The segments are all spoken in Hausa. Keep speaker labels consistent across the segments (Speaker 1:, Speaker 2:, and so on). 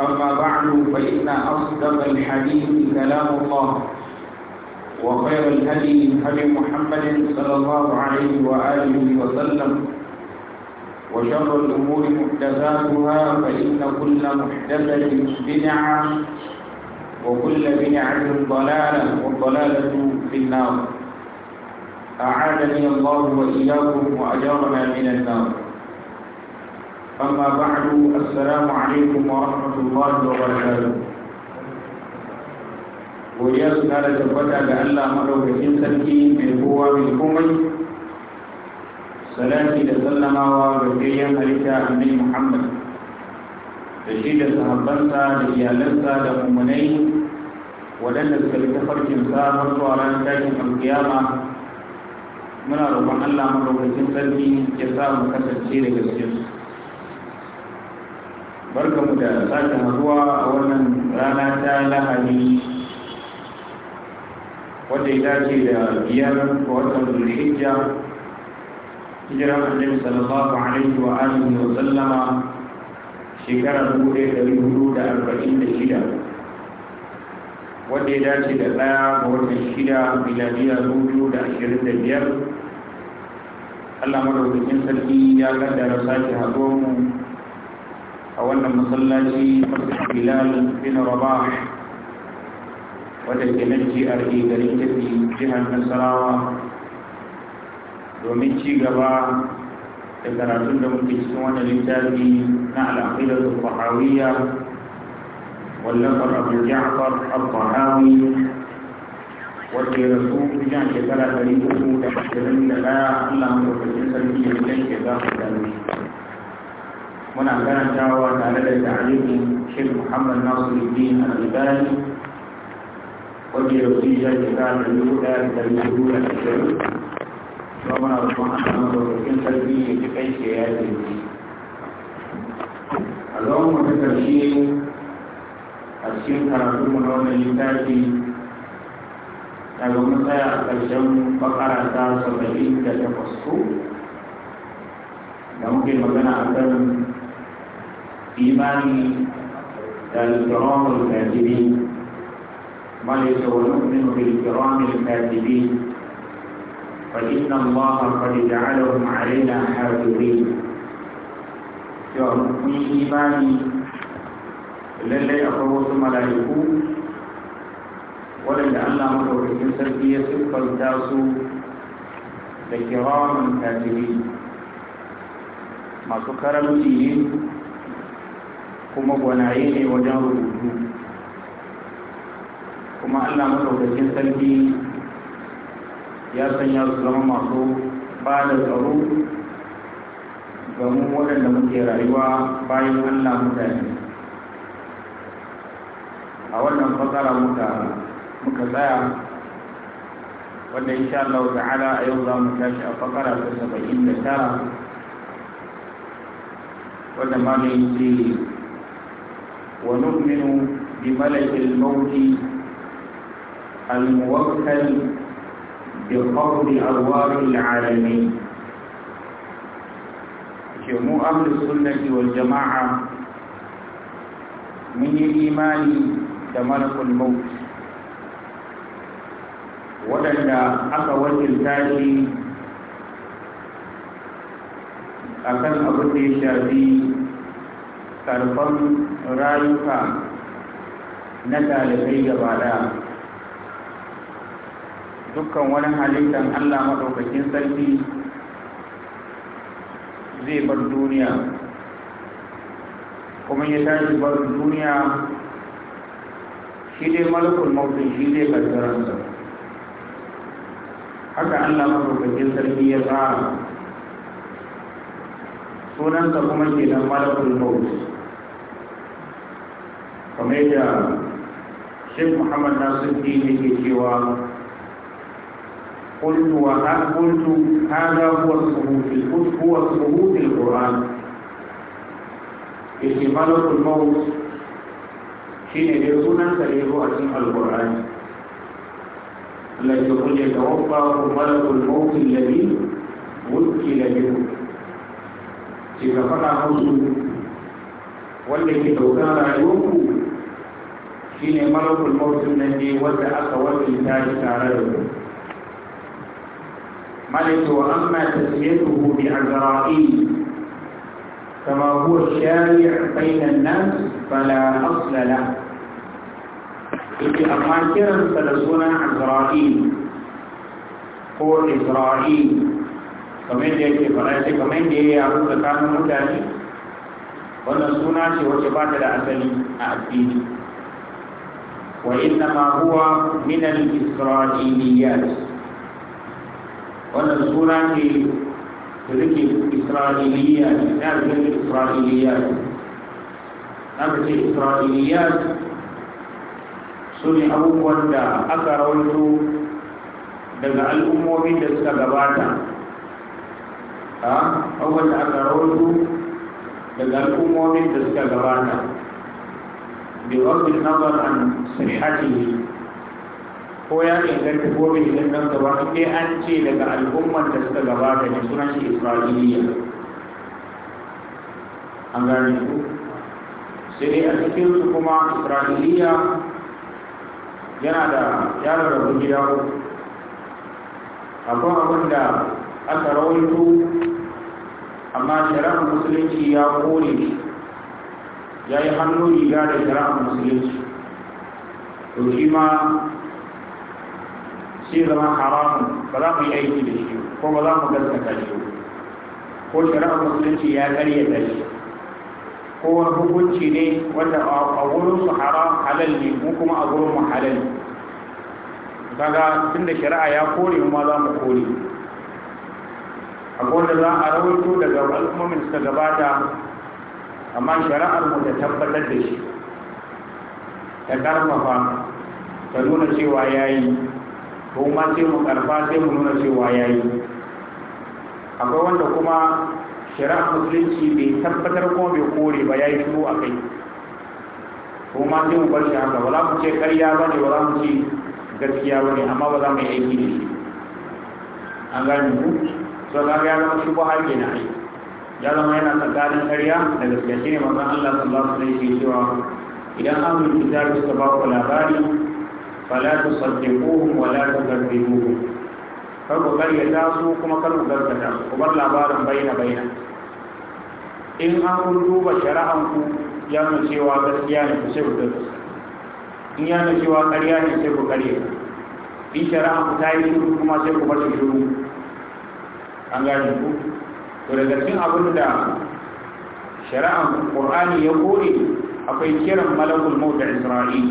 Speaker 1: أما بعد فإن أصدق الحديث كلام الله وخير الهدي هدي محمد صلى الله عليه وآله وسلم وشر الأمور محدثاتها فإن كل محدثة بدعة وكل بدعة ضلالة والضلالة في النار أعادني الله وإياكم وأجارنا من النار أما بعد السلام عليكم ورحمة الله وبركاته godiya tabbata ga Allah maɗaukakin sarki mai kowa mai komai salati da sallamawa ga gayyan halitta annabi Muhammad da shi da sahabbansa da iyalansa da mummunai waɗanda suka bi tafarkinsa har zuwa ranar tashin alkiyama muna roƙon Allah maɗaukakin sarki ya sa mu kasance da gaskiyarsu barkamu da sake haduwa a wannan rana ta lahani wadda ya dace da biyar ga watan zulhijja hijiran annabi sallallahu alaihi wa alihi wa sallama shekara dubu ɗaya ɗari hudu da arba'in da shida wadda ya dace da ɗaya ga watan shida miladiya dubu biyu da ashirin da biyar Allah madaukakin sarki ya kaddara sake haɗuwar mu حولنا مصلى في فصل بلال بن رباح وتجمجي أرئي بريكة في جهة النصرى ومجي قبا تكرا من مكسوان لتالي نعلى قيلة الطحاوية واللقر أبو جعفر الطحاوي وفي رسول جان كثرة تريده تحت لا الله أمر في الجنسة في الجنسة ونعم لنا الدعوة على تعليم شيخ محمد ناصر الدين الغباني وبيوسيجا الكتاب الأولى لتربية الأولى في الشريف ومن ربنا ننظر في تربية في هذه اللهم تكرشين السيم كرسوم الرومي يتاتي لهم ساعة الجن بقرة تاسو بلين تتفصو لهم كي مدنا أكثر إيمان الكرام الكاتبين بل سنؤمن بالكرام الكاتبين فإن الله قد جعلهم علينا حافظين يوم إيماني lallai akwai wasu mala'iku waɗanda Allah maɗaukakin sarki ya siffanta su da kiramin kafiri masu karamci ne kuma gwanaye ne wajen rubutu kuma allah madaukakin sarki ya sanya su zama masu ba da tsaro ga mu waɗanda muke rayuwa bayan allah mutane a wannan fasara muka tsaya wanda insha Allah ta'ala a yau za mu tashi a fakara ta saba'in da tara wanda ma mai yi ونؤمن بملك الموت الموكل بقبض أرواح العالمين جمو أهل السنة والجماعة من الإيمان كملك الموت ولن aka wakilta shi a kan abin rayuka na dalibai gaba ɗaya dukkan wani halittar allah maɗaukakin sarki zai bar duniya kuma ya tashi bar duniya shi dai malakul mautin shi zai karkaransa haka allah maɗaukakin sarki ya tsara sunansa kuma ke nan malakul mautin kamar da shek muhammad nasir din yake cewa قلت وقلت هذا هو الصمود هو صمود القرآن yake malakul maut shi ne dai sunan da ya zo a cikin alkur'ani Allah ya kulle da wabba ko malakul maut alladhi wukila bihi shi ka faɗa musu wanda ke daukar rayuwarku shi ne malakul mautin nan ne wanda aka wakilta shi tare da mu malaka wa amma tasmiyatuhu bi azra'i kama huwa shari'a bainan nas fala asla la yake amma kiran sa da sunan azra'i ko isra'i kamar da yake fara ce kamar da ya yaro tsakanin mutane wannan suna ce wacce ba ta da asali a addini وإنما هو من الإسرائيليات wannan suna ce da take isra'iliya da take isra'iliya na ce isra'iliya su ne abubuwan da aka rawaito daga al'ummomin da a abubuwan daga al'ummomin da suka gabata بغض النظر عن صحته ko ya inganta ko bai inganta ba gaba sai an ce daga al'ummar da suka gabata ne sunan shi isra'iliya an gane ku sai dai a cikin su kuma isra'iliya yana da yaro da gida akwai abin da aka rawaito amma shari'ar musulunci ya kore shi ya yi hannun riga da a musulunci to shi ma sai zama haramun ba za mu yi aiki da shi ko ba za mu gaskata shi ko a musulunci ya karyata shi ko wani hukunci ne wanda a wurin su haram halal ne mu kuma a wurin mu halal kaga da shari'a ya kore mu ma za mu kore akwai wanda za a rawaito daga al'ummomin suka gabata amma shari'ar mu da tabbatar da shi ta karfafa ta nuna cewa yi ko ma sai mu karfa sai mu nuna cewa ya yi akwai wanda kuma shari'ar musulunci bai tabbatar kuma bai kore ba yi shuru a kai ko ma sai mu bar shi haka ba za mu ce karya ba ne ba za mu ce gaskiya ba ne amma ba za mu yi aiki da shi an gane ku sau da ga ya zama shi ba har na aiki ya zama yana tsakanin ƙarya da gaske shi ne mazan Allah sallallahu alaihi wasallam cewa idan an yi kitab suka ba ku labari fala tusaddiquhum wa la tukadzibuhum kar ku ta su kuma kar ku gaskata su ku bar labarin baina baina in an kun duba shari'an ku ya nuna cewa gaskiya ne ku sai ku gaskata in ya nuna cewa ƙarya ne sai ku karyata in shari'an ku ta yi shuru kuma sai ku bar shuru an gane ku to daga cikin abin da shari'an qur'ani ya kore akwai kiran malakul maut da isra'il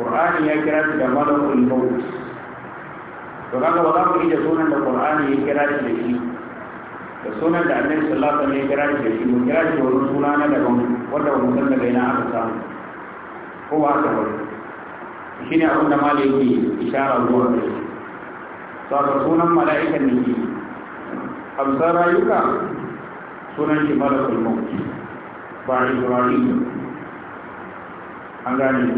Speaker 1: qur'ani ya kira shi da malakul maut to kaga ba za mu iya sunan da qur'ani ya kira shi da shi da sunan da annabi sallallahu alaihi ya kira shi da shi mu kira shi da wani suna na daban wanda ba mu san daga ina aka samu ko ba ta wani shine abin da malai yake isharar zuwa da shi to sunan mala'ikan ne حمزارا يوكا سنن كي ملك الموت بعد القرآن أنغاني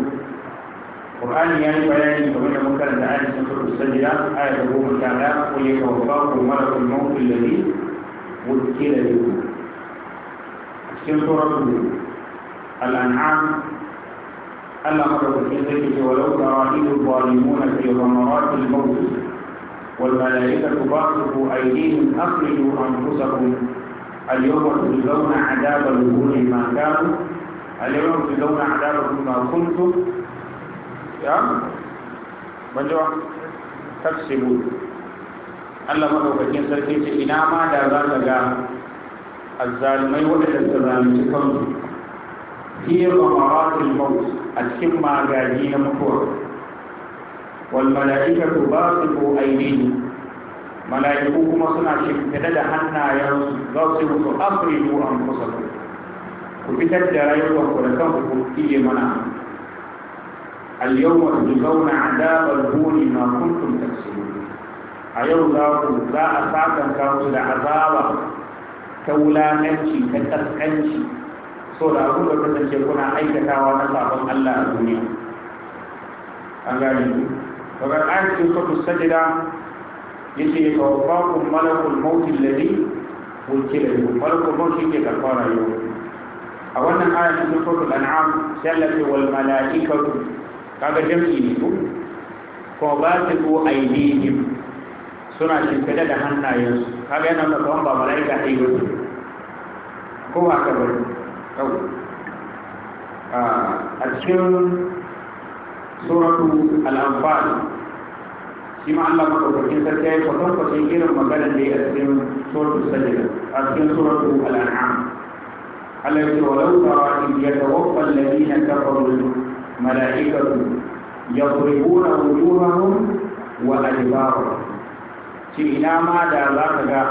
Speaker 1: القرآن يعني بياني كمية مكان دعاني سنسل السجلة آية الروم الكاملة قل يتوفاق ملك الموت الذي وكيل يوكا سنسل ربه الأنعام ألا مرة تكيزك ولو ترى إذ الظالمون في غمرات الموت والملائكة باطل أيديهم أخرجوا أنفسكم اليوم تجزون عذاب الوجود ما كانوا اليوم تجزون عذاب ما كنتم يا من تكسبوا الله مرة بكين سلكين إنما دعوانا جاء الظالمين ولد الظالمين كنتم في غمرات الموت ما جاجين مكورا والملائكة باطفوا أيديهم ملائكة مصنع شفك لدى حنا يا رسول الله أخرجوا أنفسكم وبتبدا يوم ولكم في منا اليوم تجزون عذاب الهون ما كنتم تكسبون أيوم لا أصعب أن تكون العذاب كولا نمشي كتسكنشي صلى الله عليه وسلم يكون أي تكاوى نصعب الله الدنيا أنا وقد آية سورة السجدة يجي يتوفاكم ملك الموت الذي وكل يوم ملك الموت يجي كفارة يوم أولا آية سورة الأنعام سلة والملائكة kaga jam'i ne ko ko ba su ko aidihim suna shimfida da hannayensu kaga yana da kawon ba mala'ika ɗai ba ko ba ka bari a cikin suratu al shi ma Allah madaukakin sarki ya kwatar kwatar irin magana da ya cikin suratu sajida a cikin suratu al Allah ya ce ta tara in lalina ta faru malaikatu yadribuna wujuhahum wa adbarahum shi ina ma da za ka ga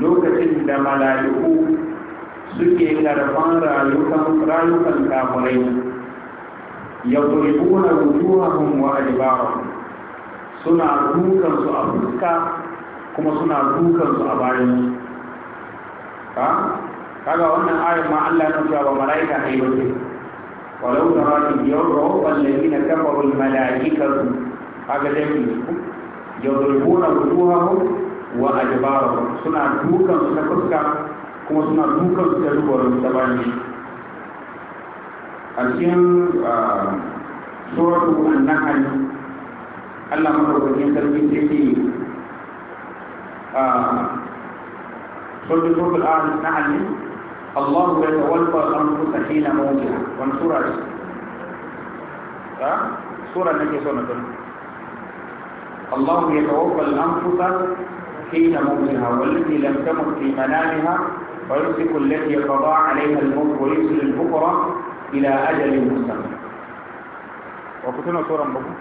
Speaker 1: lokacin da mala'iku suke karfan rayukan kafirai yadribuna wujuhahum wa adbarahum suna dukan su a fuska kuma suna dukan su a bayan su ha kaga wannan ayar ma Allah ya nuna wa malaika ne yake walau tarakin yawro wallazina kafaru almalaikatu kaga dai yadribuna wujuhahum wa adbarahum suna dukan su ta fuska kuma suna dukan su ta dubarin ta bayan su a صورته suratu an-nahl Allah madaukakin sarki sai صورة سورة الآن نعم الله آه، يتوفى الأنفس حين موتها وان سورة سورة نكي سورة الله يتوفى الأنفس حين موتها والتي لم تمت في منامها ويمسك التي قضى عليها الموت ويرسل البكرة ila ajalin musamman wa ku tuna tsoron ba ku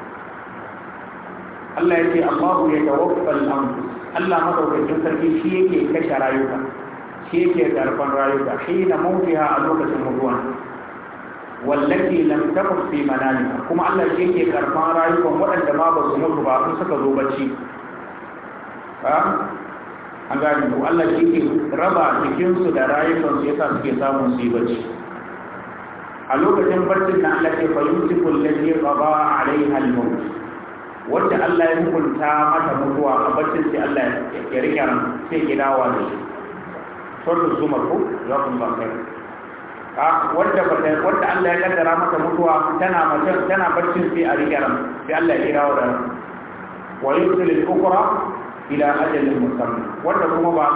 Speaker 1: Allah ya ce Allahu ya tawaffal anfus Allah madaukakin sarki shi yake kashe rayuka shi yake karban rayuka shi na mawdiha a lokacin mutuwa wallati lam tamut fi manamiha kuma Allah shi yake karban rayukan waɗanda ma ba su mutu ba sun suka zo bacci an gane ko Allah shi ke raba jikinsu da rayukansu yasa suke samun su yi bacci a lokacin barcin na Allah ke fahimci kullaji raba a al halmur wanda Allah ya hukunta mata mutuwa a barcin sai Allah ya rike sai ya wa da shi sura zumar ko ya kun ba kai wanda Allah ya kaddara mata mutuwa tana tana barcin sai a rike sai Allah ya dawo da ran wa yusil ila ajalin musamman wanda kuma ba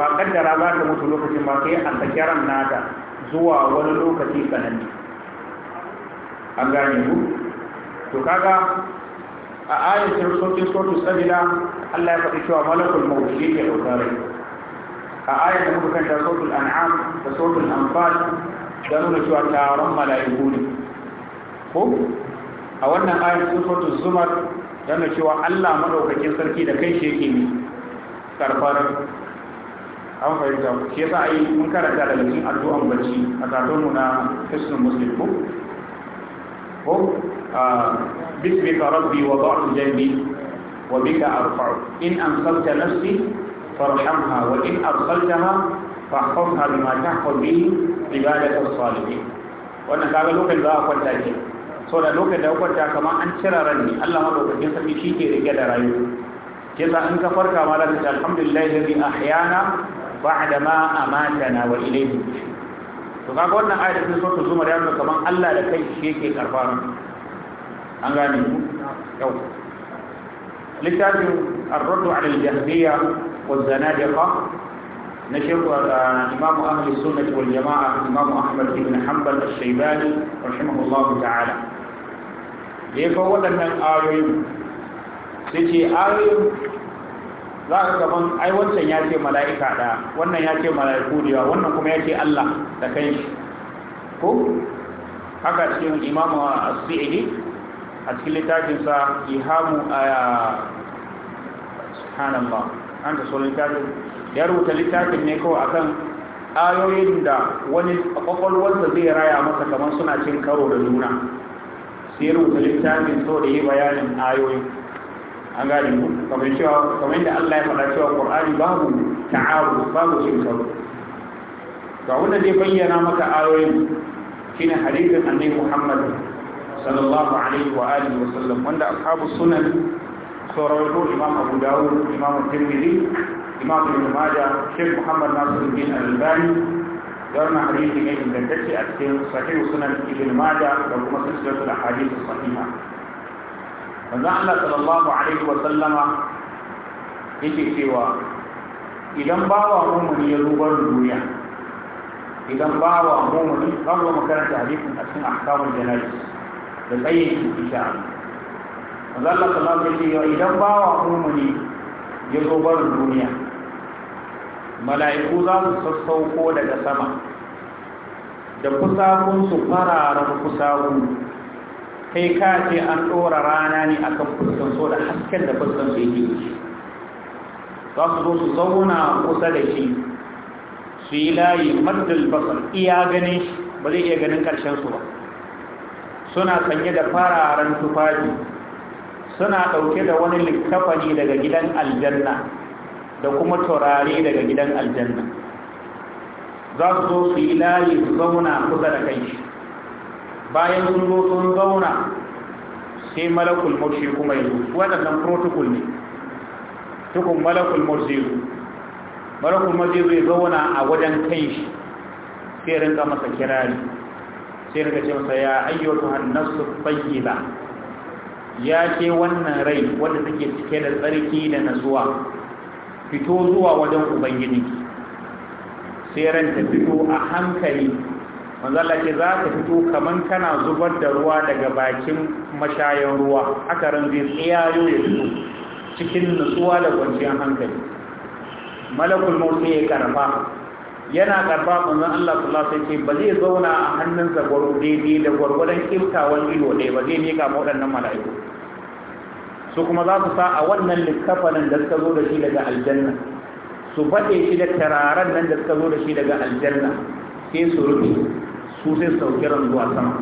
Speaker 1: ba kaddara ba ta mutu lokacin ba sai an saki ran nata zuwa wani lokaci sananne an gane mu to kaga a ayatul sautin sautin sabila Allah ya faɗi cewa malakul maut ya ke ɗaukar a ayat da kan kanta sautin an'am da sautin anfal da nuna cewa taron mala'iku ne ko a wannan ayatul sautin zumar da nuna cewa Allah madaukakin sarki da kai shi yake karfar an fahimta ku ke za a yi mun karanta da cikin addu'an bacci a kafin na hisnul muslim ko ko ah, bismika rabbi wa ba'du jambi wa bika arfa'u in amsalta nafsi farhamha wa in arsaltaha fahfazha bima tahfaz bihi ibadaka as-salihin wannan kaga lokacin za a kwanta ke so da lokacin da kwanta kamar an cira ran ne Allah madaukakin sarki shi ke rike da rayuwa kisa in ka farka ma za ka ce alhamdulillah alladhi ahyana ba'da ma amatana wa ilayhi to kaga wannan ayar da sun zuma da yaro kaman Allah da kai shi yake karfa an gane ku yau littafin ar-radd 'ala al-jahdiyya wa zanadiqa na shehu uh, imamu ahli sunnah wal jama'a imamu ahmad ibn hanbal ash-shaybani rahimahullahu ta'ala yayin waɗannan ayoyin sai ce ayoyin za ka gaban ai wancan ya ce mala'ika da wannan ya ce mala'iku da wannan kuma ya ce Allah da kai ko haka cikin imamu as-sa'idi a cikin littafin sa ihamu aya subhanallah an ta sunan littafin ya rubuta littafin ne kawai akan ayoyin da wani kwakwalwarsa zai raya masa kamar suna cin karo da juna sai rubuta littafin so da yi bayanin ayoyin an gane ku kamar cewa kamar da Allah ya faɗa cewa Qur'ani babu ta'aruf babu cin karo ga wanda zai bayyana maka ayoyin shine hadisin annabi Muhammad sallallahu alaihi wa alihi wa sallam wanda ashabu sunan sauraron Imam Abu Dawud Imam Tirmidhi Imam Ibn Majah Sheikh Muhammad Nasiruddin Al-Albani دارنا حديث من الدكتة أكثر صحيح سنن ابن ماجه وكما سلسلة الأحاديث الصحيحة manzo Allah sallallahu alaihi wa sallama yake cewa idan bawa mumuni ya rubar duniya idan bawa mumuni babu makaranta hadisin a cikin ahkamul janayi da tsayin insha Allah manzo Allah sallallahu alaihi wa sallama idan bawa mumuni ya rubar duniya mala'iku za su sassauko daga sama da kusa kun su kusakunsu kusa kusakunsu kai ka ce an ɗora rana ne akan fuskan so da hasken da fuskan su yake za su zo su zauna kusa da shi su yi layi maddal basar iya ganin shi ba zai iya ganin ƙarshen su ba suna sanye da fararen tufafi suna ɗauke da wani littafani daga gidan aljanna da kuma turare daga gidan aljanna za su zo su yi layi su zauna kusa da kai bayan sun zo sun zauna sai malakul mursi kuma yanzu waɗannan protocol ne tukun malakul mursi zai malakul mursi zai zauna a wajen kai shi sai rinka masa kirari sai rinka ce masa ya ayyuka hannasu ba. ya ce wannan rai wanda take cike da tsarki da nasuwa fito zuwa wajen ubangiji sai ranta fito a hankali manzala ce za ka fito kaman kana zubar da ruwa daga bakin mashayan ruwa haka ran zai ya fito cikin nutsuwa da kwanciyar hankali malakul mawtu ya karfa yana karfa manzon Allah sallallahu alaihi wasallam ba zai zauna a hannunsa gwaro daidai da gwargwadon kiftawan ido ɗaya ba zai mika ma waɗannan mala'iku su kuma za su sa a wannan littafanin da suka zo da shi daga aljanna su baɗe shi da tararen nan da suka zo da shi daga aljanna sai su rufe su sai sauki ran zuwa sama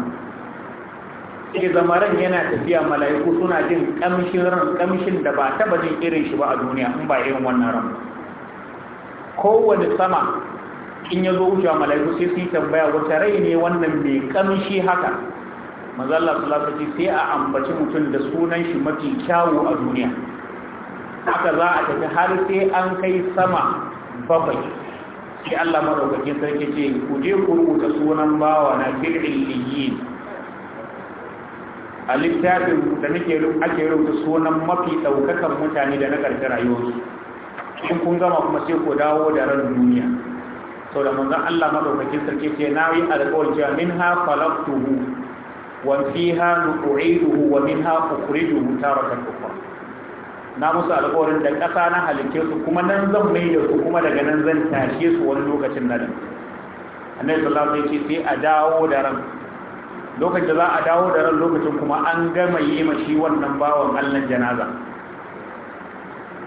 Speaker 1: ke zama yana tafiya mala'iku suna jin kamshin da ba taba jin irin shi ba a duniya in ba irin wannan ran kowane sama in ya zo wucewa mala'iku sai su yi tambaya wata rai ne wannan mai kamshi haka mazalla salatu sai a ambaci mutum da sunan shi mafi kyawu a duniya haka za a tafi har sai an kai sama bakwai sai Allah madaukakin sarki ce ku je ku rubuta sunan bawa na fi'illiyin a littafin da nake ake rubuta sunan mafi daukakan mutane da na karshe rayuwarsu in kun gama kuma sai ku dawo da ran duniya sau da manzon Allah madaukakin sarki ce na yi alƙawar cewa min ha falaktuhu wa fiha nu'iduhu wa min ha ukhrijuhu taratan ukhra na musu alƙawarin da ƙasa na halitta su kuma nan zan mai da su kuma daga nan zan tashe su wani lokacin nan. annabi sallallahu alaihi wasallam sai a dawo da ran lokacin da za a dawo da ran lokacin kuma an gama yi ma shi wannan bawon Allah janaza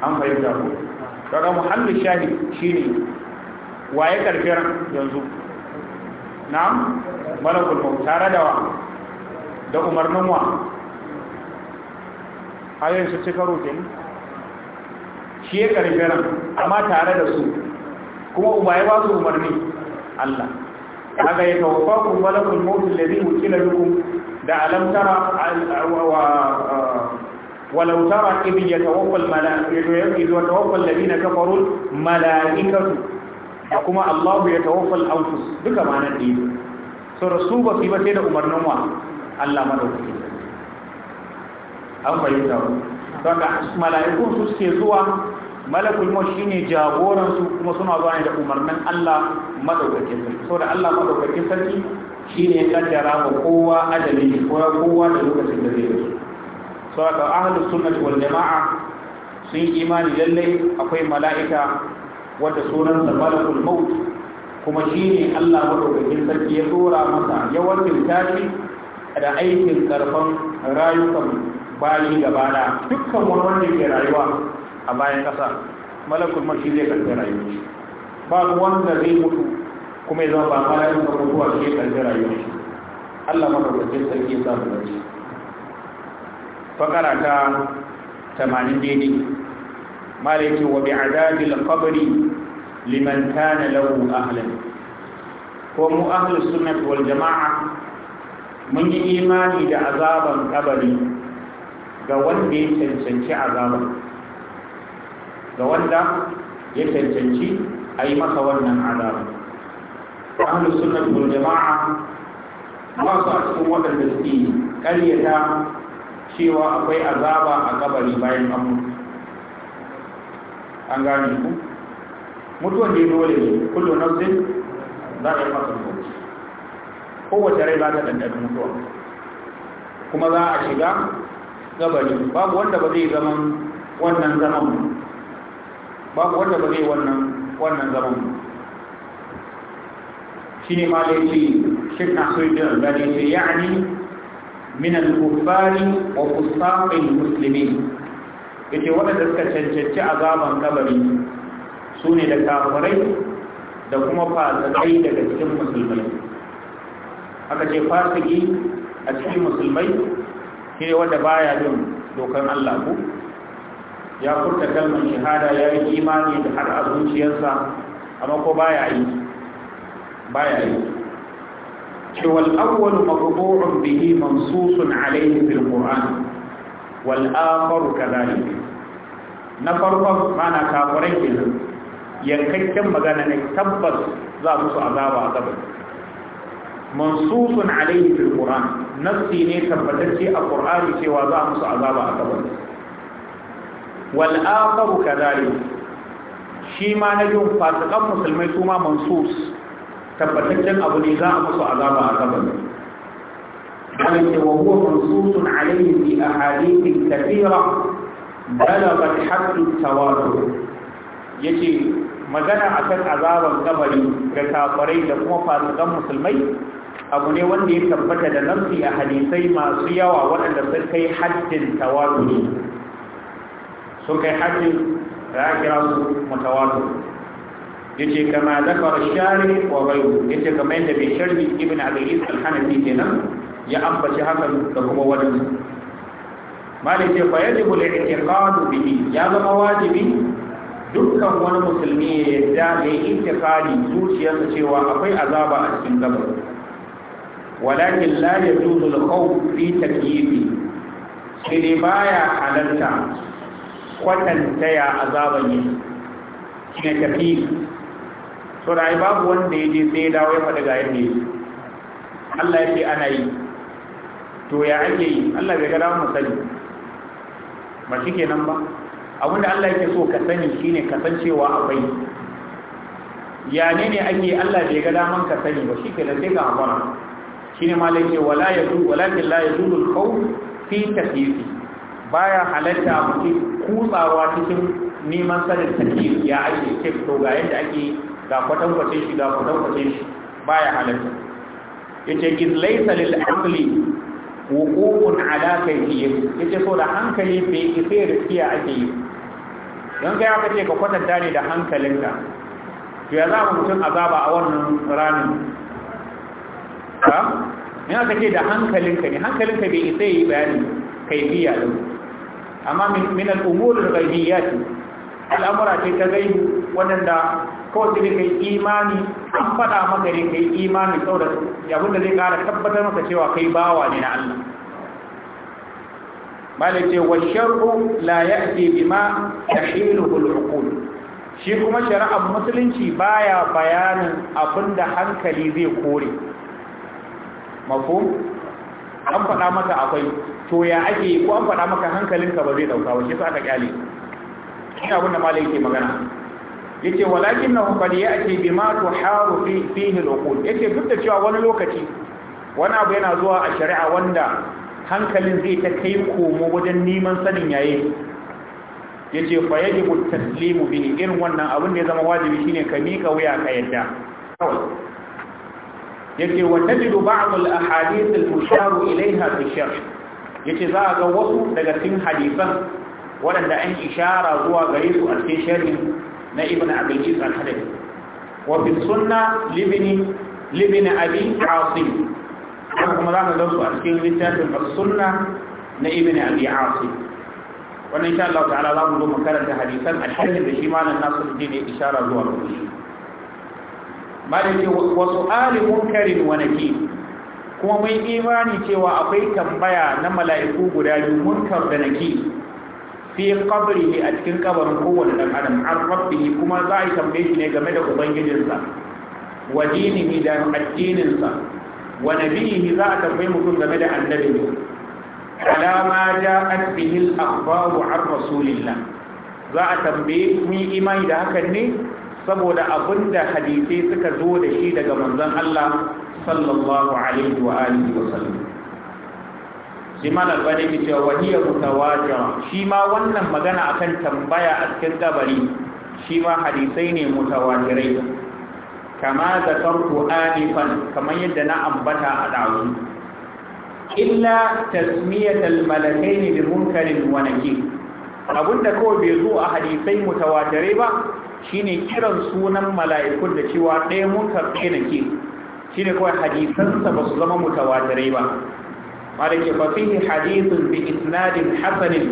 Speaker 1: an fahimta ko kaga muhallu shahid shine waye karfi yanzu na'am malakul mu tare da wa da umarnin wa ayoyin su cika rukin shi ya karfe ran amma tare da su kuma ubaye ba su umarni Allah kaga ya tawaffaku malakul mawt a wukila bikum da ya tara wa na kafarun إذ يتوفى kuma إذ يتوفى الذين كفروا الملائكة وكما الله يتوفى الأنفس بك معنى دي سورة سوبة في بسيدة أمر نوع الله مدوكي an bayyana saka mala'ikun su suke zuwa malakul maut shine ne jagoransu kuma suna zuwa ne da umarnin Allah madaukakin sarki da Allah madaukakin sarki shine ya kaddara wa kowa adali ko kowa da lokacin da zai yi saka ahlus sunnah wal jamaa sun yi imani lalle akwai mala'ika wanda sunan sa malakul maut kuma shine Allah madaukakin sarki ya dora masa yawan wanda tashi da aikin karfan rayukan Bali gaba da dukkan wannan da ke rayuwa a bayan kasa malakul mulki zai karfi rayuwa ba wanda zai mutu kuma ya zama ba malakul da mutuwa zai karfi rayuwa Allah wajen sarki ya samu da shi fakara ta tamanin daidai malaki wa bi'adabil qabri liman kana lahu ahlan ko mu ahlus sunnah wal jama'a mun yi imani da azaban kabari ga wanda ya cancanci azaba ga wanda ya cancanci a yi maka wannan azaba ahlus sunnah wal jama'a ba su a cikin waɗanda suke ƙaryata cewa akwai azaba a kabari bayan amu an gane ku mutuwan da ya dole ne kullu nafsin za a yi masa mutu kowace rai za ta ɗanɗanta mutuwa kuma za a shiga gabari babu wanda ba zai zama wannan zaman babu wanda ba zai wannan wannan zaman ne ma da yake yi Nasiruddin Albani ya ce ya'ni min al kufari wa fusaqil muslimin yace da suka cancanci azaban kabari su ne da kafirai da kuma fasikai daga cikin musulmai aka ce fasiki a cikin musulmai ke ne wanda baya bin dokan Allah ku ya furta kalmar shahada ya yi imani da har a zuciyarsa amma ko baya yi baya yi wal awwal maqbu'un bihi mansusun alayhi fil qur'an wal akhar kadhalik na farkon mana kafirai kenan yankakken magana ne tabbas za su azaba a mansusun alayhi fil qur'an nafsi ne tabbatacce a ƙur'ani cewa za musu azaba a kabari wal ka kadhalik shi ma na yin fasikan musulmai su ma mansus tabbataccen abu ne za a musu azaba a kabari alaihi huwa mansusun alaihi bi ahadithin kathira balagat haqqi Ya ce magana akan azaban kabari da kafirai da kuma fasikan musulmai abu ne wanda ya tabbata da nafsi a hadisai masu yawa waɗanda sun kai haddin tawadu ne sun kai haddin ra'ira su mutawadu ya ce kama zafar shari wa bayu ya ce kama yadda mai sharbi ibn abdullis ke nan ya ambaci hakan da kuma waɗansu malin ce fa yajibu ke kawo bihi ya zama wajibi dukkan wani musulmi ya yarda ya yi zuciyarsa cewa akwai azaba a cikin gabar walakin la yajuzu al-khawf fi takyifi sai dai halarta kwatanta ya azaban yi tafi to rai babu wanda yaje sai dawo ya faɗi ga yadda yi Allah ya ce ana yi to ya ake yi Allah bai ga dawo mu sani ba shi kenan ba abinda Allah yake so ka sani shine kasancewa akwai ya ne ne ake Allah bai ga daman ka sani ba shi kenan sai ka amfana shine malai ce wala yadu walakin la yadu al-khawf fi takyifi baya halatta mutum kutsawa cikin neman sanin takyif ya ake ce to ga yadda ake ga kwace shi ga kwace shi baya halatta yace iz laysa lil aqli wuqufun ala kayfiyyah yace so da hankali bai da rikiya ake yi don kai aka ce ka kwatanta ne da hankalinka to ya za mutum azaba a wannan ranin ha ina ka ce da hankalinka ne hankalinka bai isa yi bayani biya da amma min al'umur al ce. al'amura ce ta gaibu wadanda kawai sai kai imani an faɗa maka ne kai imani saboda abin da zai ƙara tabbatar maka cewa kai bawa ne na Allah malace wa sharru la ya'ti bima tahiluhu al-uqul shi kuma shari'ar musulunci baya bayanin abinda hankali zai kore Mako, an faɗa maka akwai to ya ake ko an faɗa maka hankalinka ba zai dauka ba shi sa ka kyale shi abin da malai yake magana yace walakinahu qad ya'ti bima tuharu fi fihi al yace duk da cewa wani lokaci wani abu yana zuwa a shari'a wanda hankalin zai ta kai komo wajen neman sanin yaye yace fa yajibu taslimu bi irin wannan abin da ya zama wajibi shine ka mika wuya ka yadda kawai yake wa tajidu ba'd al ahadith al mushar ilayha fi sharh yace za ga wasu daga cikin hadisan waɗanda an ishara zuwa gare su a cikin sharhi na ibn abul jis al hadath wa fi sunna libni libni abi asim kuma za ka ga su a cikin littafin as na ibn abi asim wannan insha Allah ta'ala za mu zo mu karanta hadisan al-hadith da shi malam Nasiruddin ya ishara zuwa gare shi malike wasu ali munkarin wa kuma mai imani cewa akwai tambaya na mala'iku guda biyu munkar da nakir fi ne a cikin kabarin kowanne dan adam an rabbihi kuma za a tambaye shi ne game da ubangijinsa wa dinihi da addininsa wa nabiyihi za a tambaye mutum game da annabinsa ala ma ja'at bihi al-akhbaru an rasulillah za a tambaye mun imani da hakan ne saboda abin da hadisai suka zo da shi daga manzon Allah sallallahu alaihi wa alihi wa sallam shi ma da bane ke cewa wahiya mutawatira shi ma wannan magana akan tambaya a cikin kabari shi ma hadisai ne mutawatirai kama da zakartu anifan kamar yadda na ambata a dawo. illa tasmiyatal malakaini bi munkarin wa nakir abinda kawai bai zo a hadisai mutawatirai ba shine kiran sunan mala'ikun da cewa ɗaya mun karɓe na ke shi ne kawai hadisansa ba su zama mutawatirai ba ma da ke fafi hadisun bi isnadin hasanin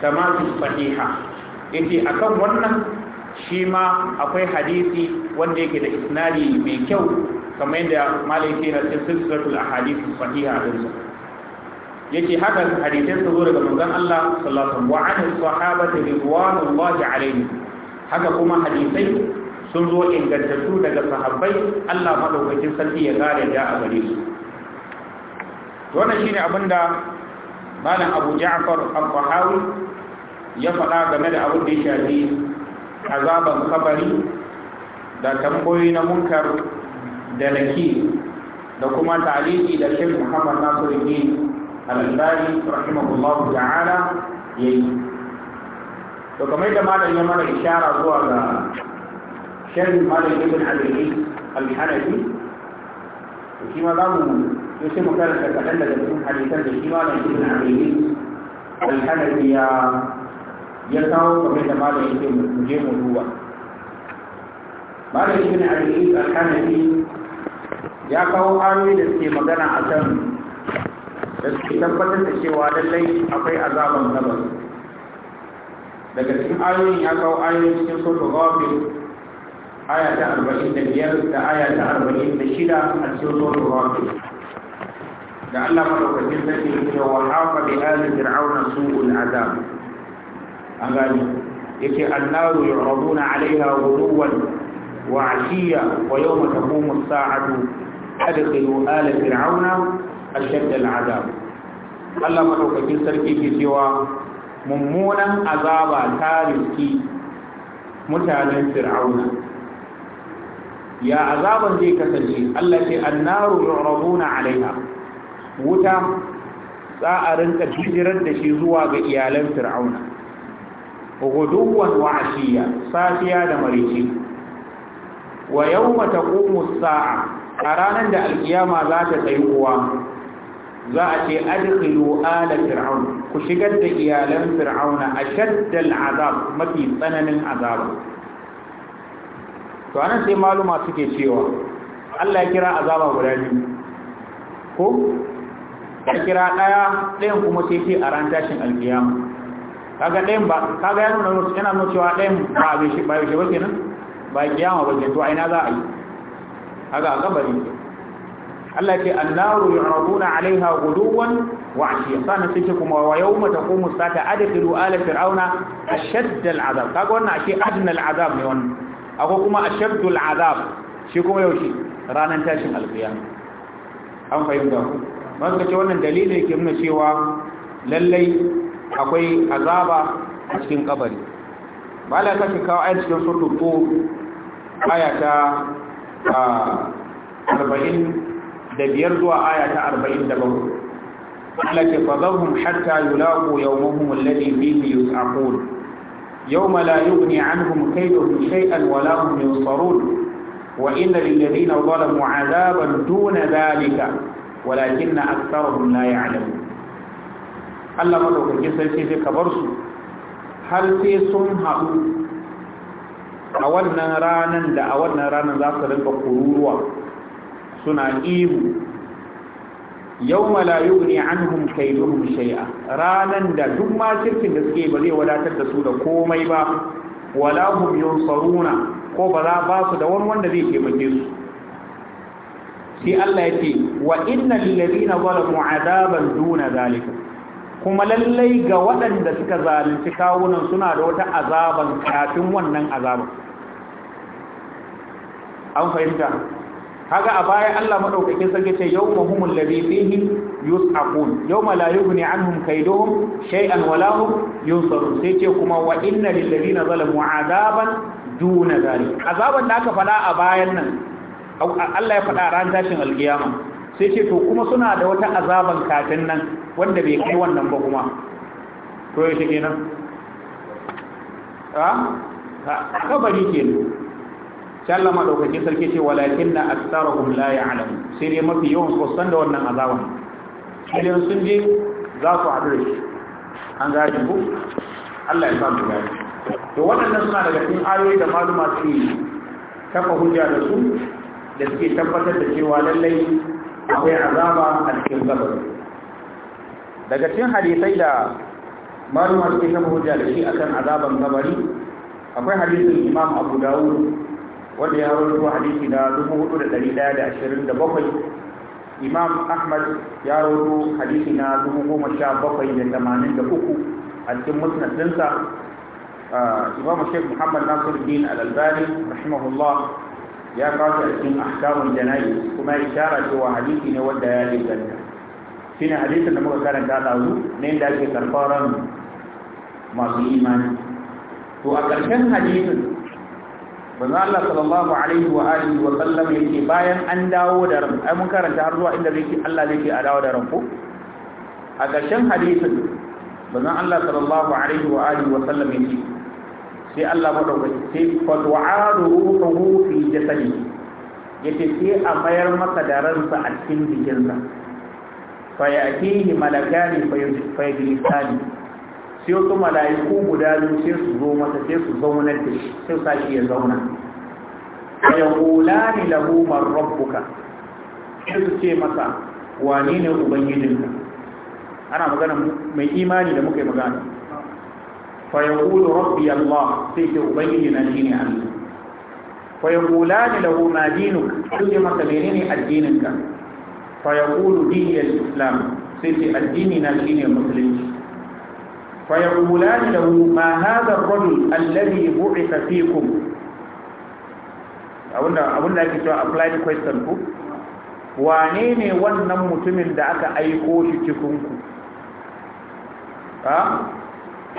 Speaker 1: kama su sahiha a akan wannan shi ma akwai hadisi wanda yake da isnadi mai kyau kamar yadda malam yake na a hadisun sahiha a dinsu yake haka hadisai su zo daga manzon Allah sallallahu alaihi wa sallam wa an sahabati ridwanullahi alaihim haka kuma hadisai sun zo ingantattu daga sahabbai Allah madaukakin sarki ya gare da a gare su wannan shine da malam Abu Ja'far al qahawi ya faɗa game da abin da ya shafi azaban kabari da tamboyi na munkar da naki da kuma talibi da Sheikh Muhammad Nasiruddin Al-Albani rahimahullahu ta'ala yayi to kamar da malam ya mana ishara zuwa ga sharri malam ibn al-ali al-hanafi shi ma za mu yi sai mu karanta kadan daga cikin hadisan da shi malam ibn al-ali al-hanafi ya ya kawo kamar da malam ya ke mu je mu duba malam ibn al-ali al-hanafi ya kawo ayoyi da suke magana a kan da suke tabbatar da cewa lallai akwai azaban kabari daga cikin ayoyin ya kawo ayoyin cikin sautu ghafir aya ta arba'in da biyar da aya ta arba'in da shida a cikin sautu ghafir da Allah madaukakin sarki ya ce wa haqa bi ali fir'auna su'ul azab an gani Yake annaru yu'raduna 'alayha ghuduwan wa 'ashiya wa yawma taqumu as-sa'atu adkhilu ala fir'auna ashadda al-'adab Allah madaukakin sarki ke cewa mummunan azaba ta riski mutanen fir'auna ya azaban zai kasance Allah ce annaru yu'raduna alaiha wuta za a rinka bijirar da shi zuwa ga iyalan fir'auna guduwan wa ashiya safiya da marici wa yawma taqumu sa'a a ranar da alkiyama za ta tsayi kuwa za a ce adkhilu ala fir'auna ku shigar da iyalan fir'auna a shaddal azab mafi tsananin azab to anan sai maluma suke cewa Allah ya kira azaba guda biyu ko ya kira daya ɗayan kuma sai ce a ran tashin alkiyama kaga ɗayan ba kaga ya nuna wasu yana nuna cewa ɗayan ba bai shi ba bai shi ba kenan ba kiyama ba ke to a ina za a yi kaga a ke Allah ce annaru yu'raduna 'alayha ghuduwan wa 'ashiyya sana sai kuma wa yawma taqumu sata adkhilu ala fir'auna ashadd al'azab kaga wannan ashe adna al'azab ne wannan akwai kuma ashadd al'azab shi kuma yaushe ranan tashin alqiyama an fahimta ku wanda ce wannan dalili yake nuna cewa lallai akwai azaba a cikin kabari ba la kashi kawo ayat cikin suratul qur aya ta 40 ah, da biyar zuwa aya ta arba'in da bakwai Allah ke fadahum hatta yulaqu yawmahum alladhi fihi yus'aqun yawma la yughni anhum kayduhum shay'an wa la hum yunsarun wa inna lil ladina zalamu 'adaban duna na walakinna aktharuhum la ya'lamun Allah madaukakin sarki zai kabar su har sai sun haɗu a wannan ranar da a wannan ranar za su rinka kururuwa suna ihu yau ne an anhum kaiduhum shay'a ranan da duk ma da suke ba zai wadatar da su da komai ba wala hum yunsaruna ko ba za ba su da wani wanda zai taimake su sai Allah ya ce wa inna lil ladina zalamu adaban duna zalika kuma lallai ga waɗanda suka zalunci kawunan suna da wata azaban kafin wannan azaban an fahimta kaga a baya Allah madaukakin sarki ce yawma humul ladhi fihi yus'aqun yawma la yughni anhum kaiduhum shay'an wala hum yunsarun sai ce kuma wa inna lil ladina zalamu azaban duna zalik azaban da aka fada a bayan nan Allah ya fada ran tashin alqiyama sai ce to kuma suna da wata azaban kafin nan wanda bai kai wannan ba kuma to yake kenan a kabari kenan sai ma madaukakin sarki ce walakin na aksarahum la ya'lamu sai dai mafi yawan kusan da wannan azaban idan sun je za su haɗu da shi an gane ku Allah ya sa mu gane to waɗannan suna daga cikin ayoyi da maluma su kafa hujja da su da suke tabbatar da cewa lallai akwai azaba a cikin gabas daga cikin hadisai da maluma suke kafa hujja da shi akan azaban gabari akwai hadisin Imam Abu Dawud wanda ya rawaito hadisi na 4127 imam ahmad ya rawaito hadisi na 1783 a cikin musnad dinsa imam sheikh muhammad nasiruddin al-albani rahimahullah ya kawo a cikin ahkamun janayi kuma ya ishara cewa hadisi ne wanda ya inganta shine hadisin da muka karanta ɗazu ne da ake karɓar masu imani to a ƙarshen hadisin manzo Allah sallallahu alaihi wa alihi wa sallam yake bayan an dawo da ran ai mun karanta har zuwa inda zai Allah zai ce a dawo da ran ko a ƙarshen hadisin manzo Allah sallallahu alaihi wa alihi wa sallam yake sai Allah madaukaki sai fa du'adu ruhu fi jasadi yace sai a mayar masa da ransa a cikin jikinsa fa ya'tihi malakani fa yajlisani sai wasu mala'iku guda biyu sai su zo masa sai su zauna da shi sai sa shi ya zauna ya hula ni lahu marrabbuka sai su ce masa wani ne ubangijinka ana magana mai imani da muka yi magana fa ya kulu rabbi allah sai ce ubangiji na shine allah fa ya hula ni lahu ma dinuka sai ce masa menene addininka fa ya kulu dini islam sai ce addini na shine musulunci فيقولان له ما هذا الرجل الذي بعث فيكم abin da ake cewa applied question ku wane ne wannan mutumin da aka aiko shi cikin ku ha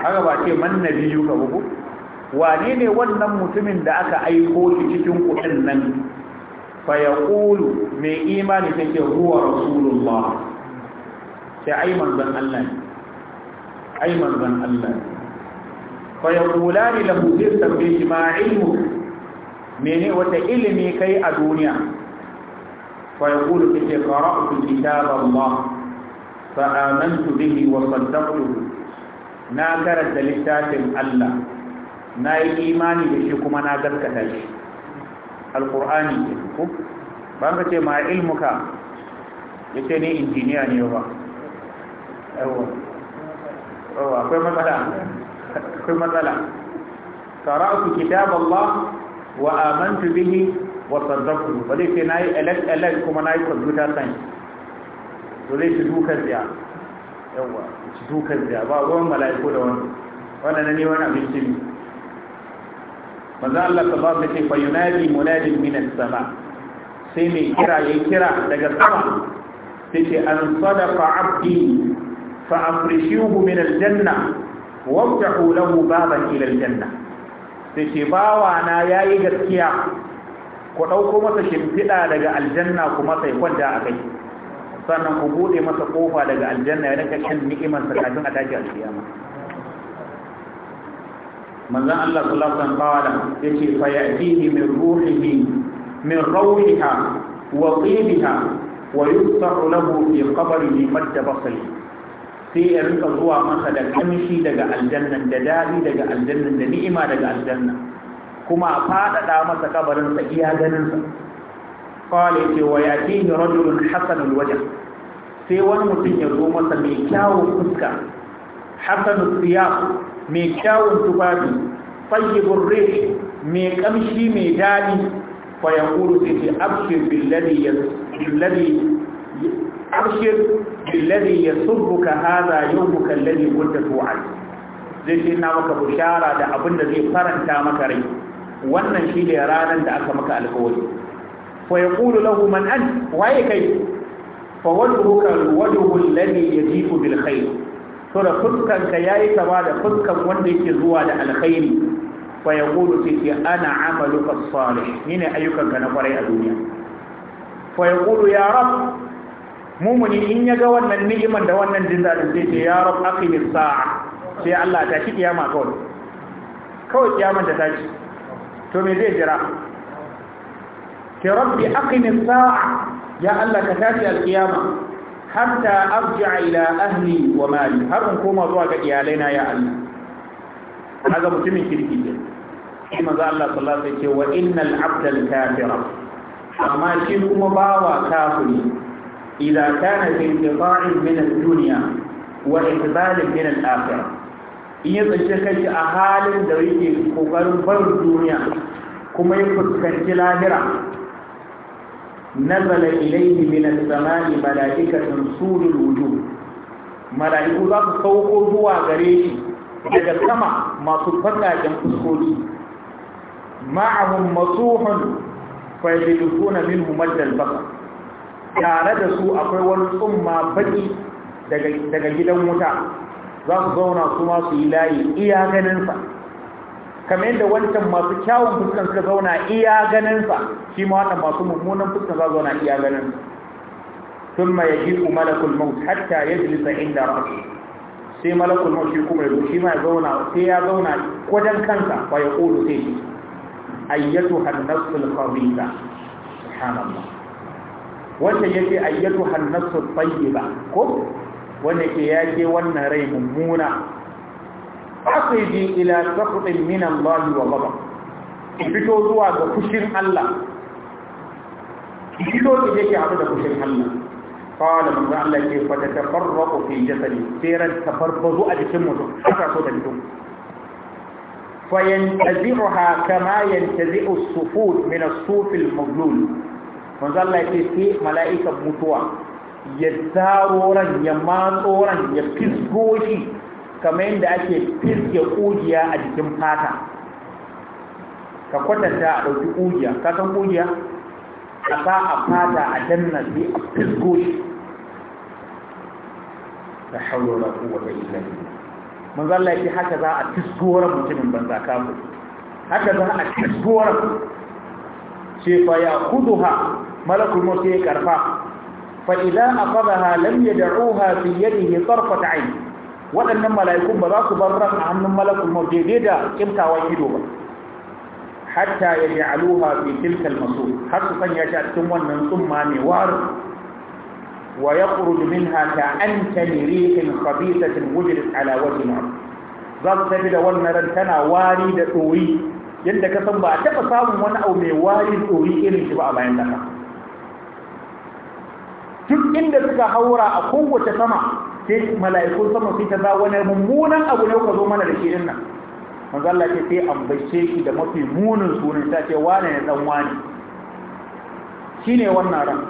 Speaker 1: haka ba ce man biyu ka bugu wane ne wannan mutumin da aka aiko shi cikin ku ɗin nan fa yaqulu mai imani take huwa rasulullah sai ai manzon Allah ne ai manzan Allah ne. fa yaqula li lahu zai tambaye ma ilmu mene wata ilimi kai a duniya fa yaqulu kace qara'tu kitab Allah fa amantu bihi wa saddaqtuhu na karanta littafin Allah na yi imani da shi kuma na gaskata shi alqur'ani ne ko ba ka ce ma ilmuka yace ne injiniya ne ba yawa Oh, akwai matsala akwai matsala qara'tu kitab Allah wa amantu bihi wa saddaqtu ba dai sai nayi alal alal kuma nayi computer science to zai ci duka ziya yawa ci duka ziya ba ruwan mala'iku da wani wannan ne wani abinci ne manzo Allah sallallahu alaihi wasallam fa yunadi munadin min as-sama sai mai kira yayin kira daga sama sai ce an sadaqa abdi fa'afrishihu min aljanna wabtahu lahu baban ila aljanna sai bawa na yayi gaskiya ku ɗauko masa shimfida daga aljanna ku masa kwanta a kai sannan ku bude masa kofa daga aljanna ya rinka kan ni'imar sa kafin a tashi alkiyama manzon Allah sallallahu alaihi wasallam yace fa ya'tihi min ruhihi min wa tibiha sai ya rika zuwa masa da kamshi daga aljannan da dadi daga aljannan da ni'ima daga aljanna kuma a faɗaɗa masa kabarinsa iya ganinsa kawai ce wa ya ke ni rajulun hasanul wajen sai wani mutum ya zo masa mai kyawun fuska hasanul siya mai kyawun tufafi fayyibin rish mai kamshi mai daɗi fa ya kuru sai ce abshir billadi abshir billadhi yasurruka hadha yawmuka alladhi kunta tu'ad zai ce na maka bushara da abin da zai faranta maka rai wannan shi ne ranar da aka maka alƙawari. fa yaqulu lahu man an waye kai fa wajhuka wajhu alladhi yajibu bil khair to da fuskan ka yayi kama da fuskan wanda yake zuwa da alkhairi fa yaqulu fi ana amaluka salih ne ayyukanka na kwarai a duniya fa yaqulu ya rab mumuni in ya ga wannan ni'iman da wannan jindaɗin zai ce ya rab aqimis sa'a sai Allah ta shi kiyama kawai kawai kiyaman ta tashi to me zai jira ke rabbi aqimis sa'a ya Allah ka tashi alkiyama hatta arji'a ila ahli wa mali har in koma zuwa ga iyalaina ya Allah kaga mutumin kirki ne sai manzo Allah sallallahu alaihi wasallam ya ce wa innal abdal kafira amma shi kuma bawa kafiri إذا كان في انقطاع من الدنيا وإقبال من الآخرة in ya tsaye a halin da yake kokarin barin duniya kuma ya fuskanci lahira nazala ilaihi min as-sama'i malaikatun sulul wujuh malaiku za su sauko zuwa gare shi daga sama masu bakakin fuskoki ma'ahum masuhun fa yajiduna minhu maddal basar tare da su akwai wani tsumma baki daga gidan wuta za su zauna su ma su yi layi iya ganinsa kamar yadda wancan masu kyawun fuskan suka zauna iya ganinsa shi ma wata masu mummunan fuskan za zauna iya ganinsa sun ma yaji malakul maut hatta ya jilisa inda rasu sai malakul maut shi kuma yazo shi ma ya zauna sai ya zauna kwadan kansa ba ya ƙudu sai shi ayyatu hannasul khabisa subhanallah wanda yake ayyatu hannasu tayyiba ko wanda ke yake wannan rai mummuna asidi ila saqtin min Allah wa ghadab fito zuwa ga kushin Allah fito ke yake hadu da kushin Allah qala man Allah ke fa tatafarraqu fi jasadi siran tafarraqu a jikin mutum haka so da mutum kama as كما min as من al المغلول manzo Allah ya ce sai mala'ikan mutuwa ya zaro ran ya matso ran ya fisgo shi kamar yadda ake fiske kugiya a jikin fata ka kwatanta a ɗauki kugiya ka san kugiya a sa a fata a danna sai a fisgo shi da hauro na da ilimin manzo Allah ya haka za a fisgo ran mutumin banza kamu haka za a fisgo ran shefa ya kuduha ha malakul maut sai karfa fa idza aqadaha lam yad'uha fi yadihi tarfat ayn waɗannan mala'ikun ba za su bar ran a hannun malakul maut daidai da kimtawan ido ba hatta yaj'aluha fi tilka al-masur har su sanya shi a cikin wannan tsumma mai warin ويخرج منها كأنتن ريح خبيثة وجدت على وجه الأرض za su da wannan ran tana wari da tsori yadda ka san ba a taɓa samun wani abu mai wari tsori irin shi ba a bayan daka duk inda suka haura a kowace sama sai mala'ikun sama sai ta za wani mummunan abu ne ka zo mana da shi nan manzo Allah ce sai ambace shi da mafi munin sunan ta ce wane ne dan wani shine wannan ran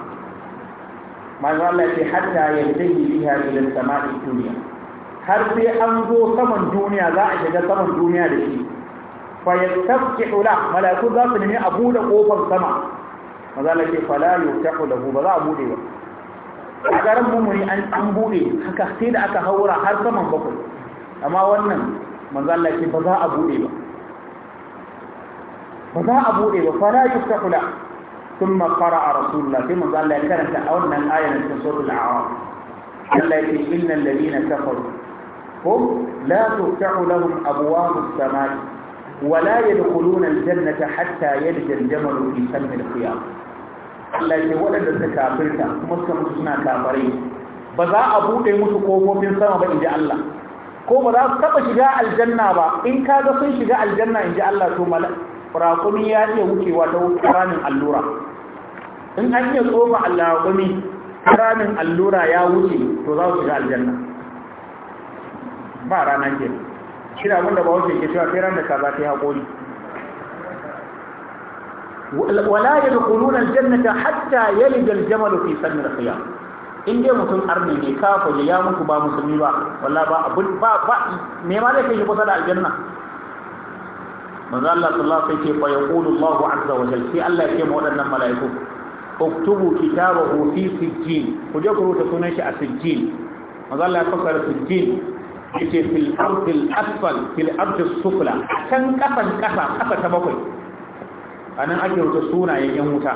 Speaker 1: manzo Allah ce hatta yadahi biha ila sama'i dunya har sai an zo saman duniya za a shiga saman duniya da shi fa yastafkihu la mala'iku za su nemi abu da kofar sama manzo Allah ce fala yuftahu lahu ba za a bude ba a garin mummuni an buɗe haka sai da aka haura har saman bakwai amma wannan manzala ce ba za a buɗe ba ba za a buɗe ba fara yi ta kula sun makara a rasulullah sai manzala ya karanta a wannan ayar cikin suratul a'raf Allah ya ce innal ladina kafaru hum la tuftahu lahum abwabus samai ولا يدخلون الجنة حتى يلج الجمل في سم الخياط Allah ya ce waɗanda suka kafirta kuma suka mutu suna kafare ba za a buɗe musu kofofin sama ba inji Allah ko ba za su taɓa shiga aljanna ba in ka ga sun shiga aljanna inji Allah to mala raƙumi ya iya wucewa ta ramin allura in an iya tsoma raƙumi ƙaramin allura ya wuce to za su shiga aljanna ba rana ke shi da abin da ba wuce ke cewa sai ran da kaza ta yi haƙori wala yadkhuluna aljannata hatta yalid aljamal fi sanni alqiyam in dai mutum arni ne kafiri ya mutu ba musulmi ba wallahi ba abun ba ba me ma zai kai kusa da aljanna manzo Allah sallallahu alaihi wasallam fa yaqulu Allah azza wa jalla sai Allah ya ce waɗannan mala'iku uktubu kitabahu fi sijjin ku je ku rubuta sunan shi a sijjin manzo Allah ya fassara sijjin yace fil ardil asfal fil ardis sufla kan kafan kafa kafa ta bakwai a nan ake wuta sunayen yan wuta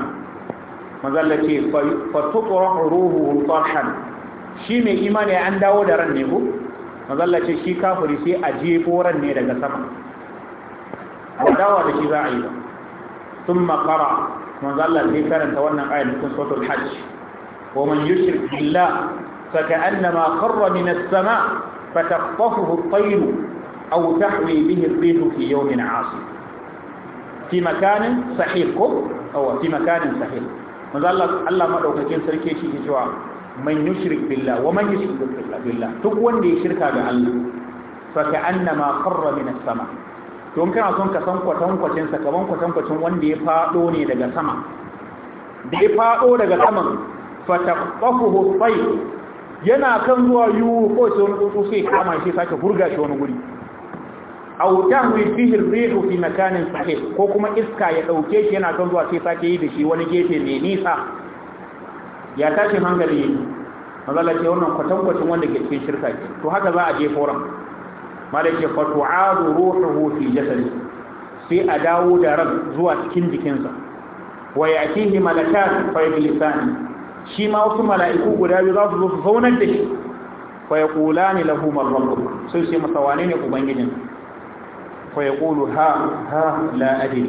Speaker 1: mazalla ce fatuƙurar ruhu tarhan shi mai imani an dawo da ran ne ku? mazalla ce shi kafiri sai a jefo ran ne daga sama A dawa da shi za a yi ba sun makara mazalla sai karanta wannan ayin cikin sautul hajj wa man yushrik billah فكأنما خر من السماء فتخطفه الطير أو تحوي به الريح في يوم عاصف fi makanin sahih ko awa fi makanin sahih manzo Allah Allah madaukakin sarki shi ke cewa man yushrik billah wa man yushrik billah duk wanda ya shirka ga Allah fa annama qarra min as-sama don kana son ka san kwatan kwacin sa kaman kwatan kwacin wanda ya fado ne daga sama da ya fado daga saman fa taqafuhu tayy yana kan zuwa yuko sun tsutsu sai kama shi sake burga shi wani guri aw tahwi fihi ar-rihu fi makanin sahih ko kuma iska ya dauke shi yana son zuwa sai sake yi da shi wani gefe mai nisa ya tashi hangali mazalla ce wannan kwatankwacin wanda ke cikin shirka ke to haka za a je forum malaka fa tu'adu ruhuhu fi jasadi sai a dawo da ran zuwa cikin jikinsa wa ya'tihi malakat fa yajlisani shi ma wasu mala'iku guda biyu za su zo su zaunar da shi fa yaqulani lahu man rabbuka sai sai masa wane ne ubangijinsa fayaqulu ha ha la adri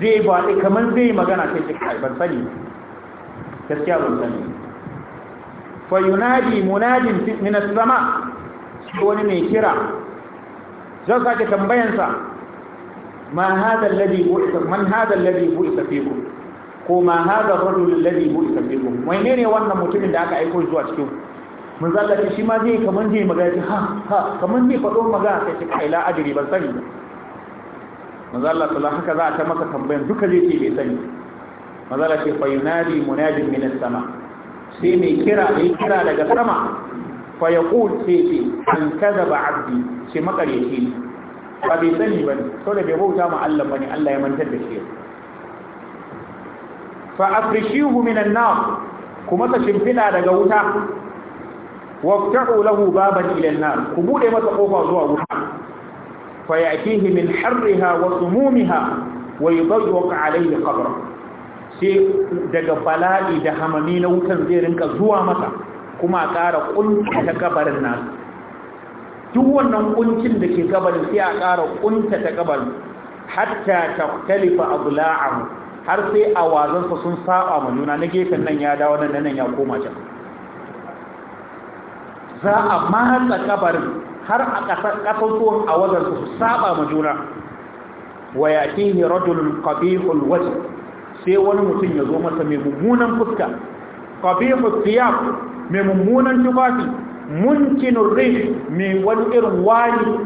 Speaker 1: zai ba kaman zai magana sai ce kai ban sani gaskiya ban sani fa yunadi munadin min as-sama wani mai kira zan sa tambayansa ma hada alladhi bu'itha man hada alladhi bu'itha fikum ko ma hada ar-rajul alladhi bu'itha fikum wai ne wannan mutumin da aka aika zuwa cikin manzo Allah shi ma zai kamar zai magana ha ha kamar zai faɗo magana sai ce kai la adri ban sani ba. manzo Allah sallallahu haka za a ta masa tambayan duka zai ce bai sani manzo Allah ce fa yunadi munadin min sama sai mai kira mai kira daga sama fa yaqul sai ce an kadaba abdi sai makareci ne ba bai sani Sau da bai bauta ma Allah bane Allah ya mantar da shi fa afrishihu min an-nar kuma ta shimfida daga wuta waftahu lahu baban ila ku buɗe masa ƙofa zuwa wuta fa ya'tihi min harriha wasu mumiha wa yudawwaq alayhi sai daga bala'i da hamami na wutan zai rinka zuwa masa kuma ƙara kunta ta kabarin nasu duk wannan ƙuncin da ke kabarin sai a ƙara ƙunta ta kabarin hatta a abla'ahu har sai awazansa sun saba ma juna na gefen nan ya dawo nan nan ya koma can za a matsa kabarin har a ƙasar ƙasar a wajen su saba ma juna wa yatihi rajulun qabihul wajh sai wani mutum ya zo masa mai mummunan fuska qabihul thiyab mai mummunan tufafi munkinur rih mai wani irin wani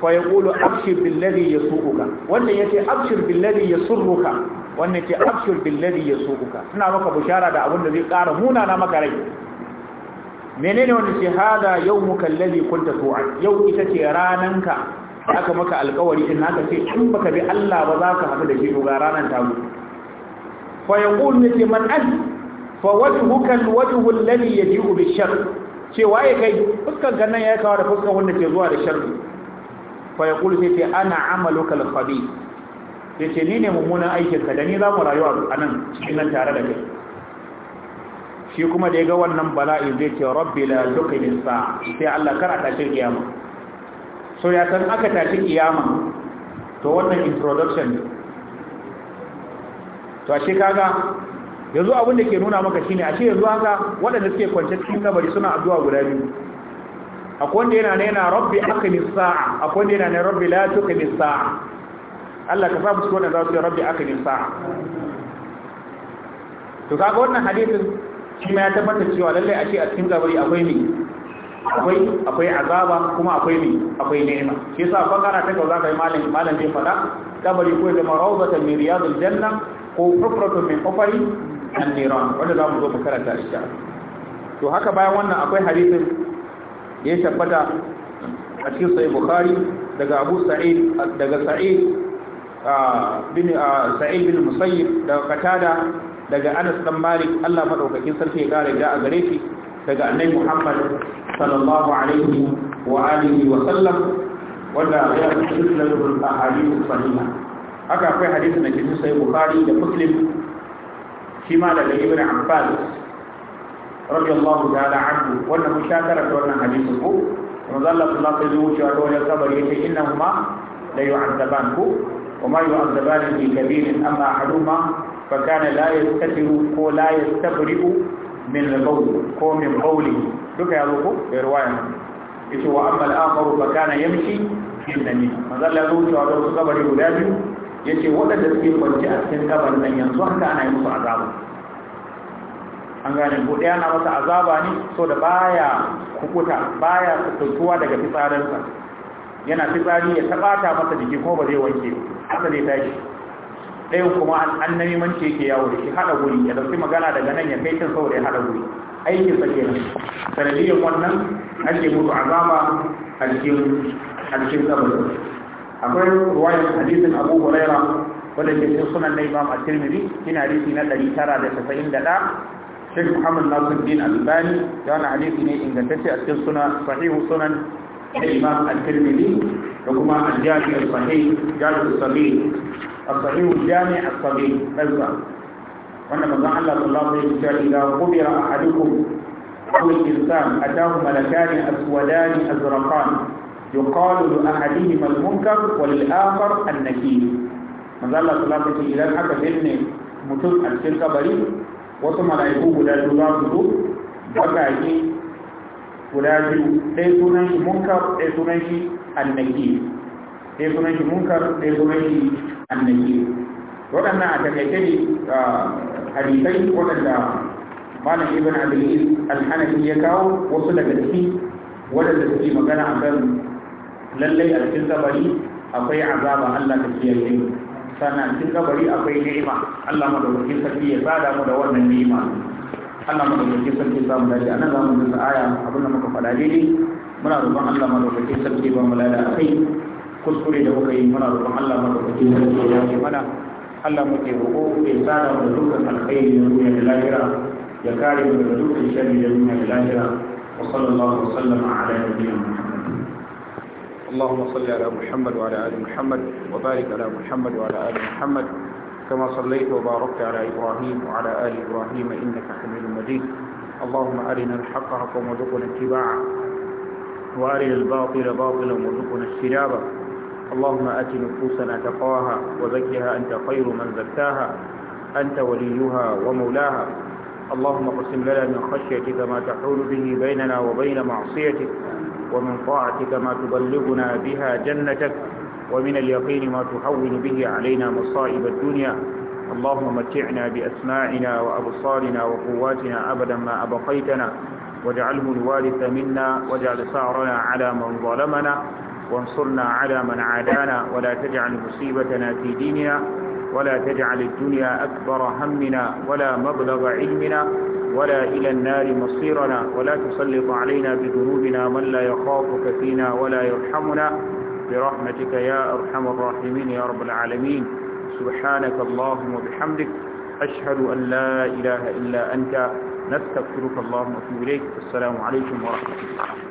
Speaker 1: fa yaqulu abshir ya yasuuka wannan ya ce yace abshir ya yasurruka wannan ce yace abshir ya yasuuka ina maka bushara da abin da zai ƙara munana maka rai menene wannan shahada yawmuka alladhi kunta tu'ad yau ita ce rananka aka maka alƙawari in aka ce in baka bi Allah ba za ka haɗu da shi ga ranan ta mu fa yaqul yace man an fa wajhuka alwajhu alladhi yaji'u bishar ce waye kai fuskan kan nan ya kawo da fuskan wanda ke zuwa da sharri fa yaqul yace ana amaluka alkhabith yace ni ne mummunan aikin ka da ni za mu rayuwa a nan cikin nan tare da kai shi kuma da ya ga wannan bala'i zai ce rabbi la tuqini sa sai Allah kar a tashi kiyama so ya san aka tashi kiyama to wannan introduction to ashe kaga yanzu abin da ke nuna maka shine ashe yanzu haka waɗanda suke kwance cikin kabari suna addu'a guda biyu akwai wanda yana nena yana rabbi aqimis sa'a akwai wanda yana nena rabbi la tuqimis sa'a Allah ka sa musu wannan za su yi rabbi aqimis sa'a to kaga wannan hadisin shi ma ya tabbata cewa lallai a ce a cikin kabari akwai ne akwai akwai azaba kuma akwai ne akwai ne'ima shi yasa kana ta kauza kai malam malam bai fada kabari ko da marawzata min riyadul janna ko hufratun min hufari an-niran wanda za mu zo mu karanta shi to haka bayan wannan akwai hadisin da ya tabbata a cikin sahih bukhari daga abu sa'id daga sa'id ah, bin ah, sa'id bin musayyib daga qatada daga Anas dan Malik Allah madaukakin sarki ya kare da a gare shi daga Annabi Muhammad sallallahu alaihi wa alihi wa sallam wanda ya tsira da ahadith sahiha haka akwai hadisin da ke cikin sahih Bukhari da Muslim shi ma daga Ibn Abbas radiyallahu ta'ala anhu wannan mushakara da wannan hadisin ko manzo Allah sallallahu alaihi wa sallam ya ce wa kabari yace innahuma la yu'azzaban ku وما يعذبان في كبير أما أحدهما fakana la yastatiru ko la yastabri'u min al-bawl ko min bawli duka ya ko da riwaya yace wa amma al-akhar fakana yamshi innani mazalla zuwa da guda biyu yace waɗanda suke kwanci a cikin kabarin nan yanzu haka ana azaba an gane ko na masa azaba ne so da baya kukuta baya kutuwa daga fitsarinsa yana fitsari ya tabata masa jiki ko ba zai wanke haka zai tashi ɗayan kuma an nami manci yake yawo da shi haɗa guri ya dauki magana daga nan ya kai can saboda ya haɗa guri aikin sa kenan sanadiyyar wannan ake mutu azaba a cikin a cikin kabari akwai ruwayar hadisin abu huraira wanda ke cikin sunan na imam at-tirmidhi ina hadisi na 991 Sheikh Muhammad Nasiruddin Albani da wani hadisi ne ingantacce a cikin suna sahihu sunan Imam Al-Tirmidhi da kuma Al-Jami' Al-Sahih Jami' Al-Sahih الصحيح الجامع الصغير أيضا وأن مزاح الله صلى الله عليه وسلم إذا قبر أحدكم أو الإنسان أتاه ملكان أسودان أزرقان يقال لأحدهما المنكر وللآخر النكير manzo Allah sallallahu alaihi idan aka binne mutum a cikin kabari wasu malaiku guda biyu za su zo bakaki guda biyu ɗaya sunan shi ɗaya shi ɗaya sunan shi munkar ɗaya sunan shi annabi waɗannan a takaice ne hadisai waɗanda malam ibn abdulaziz al-hanafi ya kawo wasu daga ciki waɗanda suke magana a kan lallai a cikin kabari akwai azaba Allah ta kiyaye mu sannan cikin kabari akwai ni'ima Allah madaukakin sarki ya tsada mu da wannan ni'ima Allah madaukakin sarki za mu dace anan zamu dinka aya abin da muka faɗa dai muna roƙon Allah madaukakin sarki ba mu lada kai kuskure da kuka yi muna roƙon Allah madaukakin sarki ya ce mana Allah muke roƙo ya tsara mu dukkan alkhairi da duniya da lahira ya kare mu daga dukkan sharri da duniya da lahira wa sallallahu wa sallama ala nabiyyina Muhammad اللهم صل على محمد وعلى ال محمد وبارك على محمد وعلى ال محمد كما صليت وباركت على ابراهيم وعلى ال ابراهيم انك حميد مجيد اللهم ارنا الحق حقا وارزقنا اتباعه وارنا الباطل باطلا وارزقنا اجتنابه اللهم آت نفوسنا تقواها وزكها أنت خير من زكاها أنت وليها ومولاها اللهم اقسم لنا من خشيتك ما تحول به بيننا وبين معصيتك ومن طاعتك ما تبلغنا بها جنتك ومن اليقين ما تحول به علينا مصائب الدنيا اللهم متعنا بأسماعنا وأبصارنا وقواتنا أبدا ما أبقيتنا واجعله الوارث منا واجعل سعرنا على من ظلمنا وانصرنا على من عادانا ولا تجعل مصيبتنا في ديننا ولا تجعل الدنيا أكبر همنا ولا مبلغ علمنا ولا إلى النار مصيرنا ولا تسلط علينا بذنوبنا من لا يخافك فينا ولا يرحمنا برحمتك يا أرحم الراحمين يا رب العالمين سبحانك اللهم وبحمدك أشهد أن لا إله إلا أنت نستغفرك اللهم وأتوب إليك السلام عليكم ورحمة الله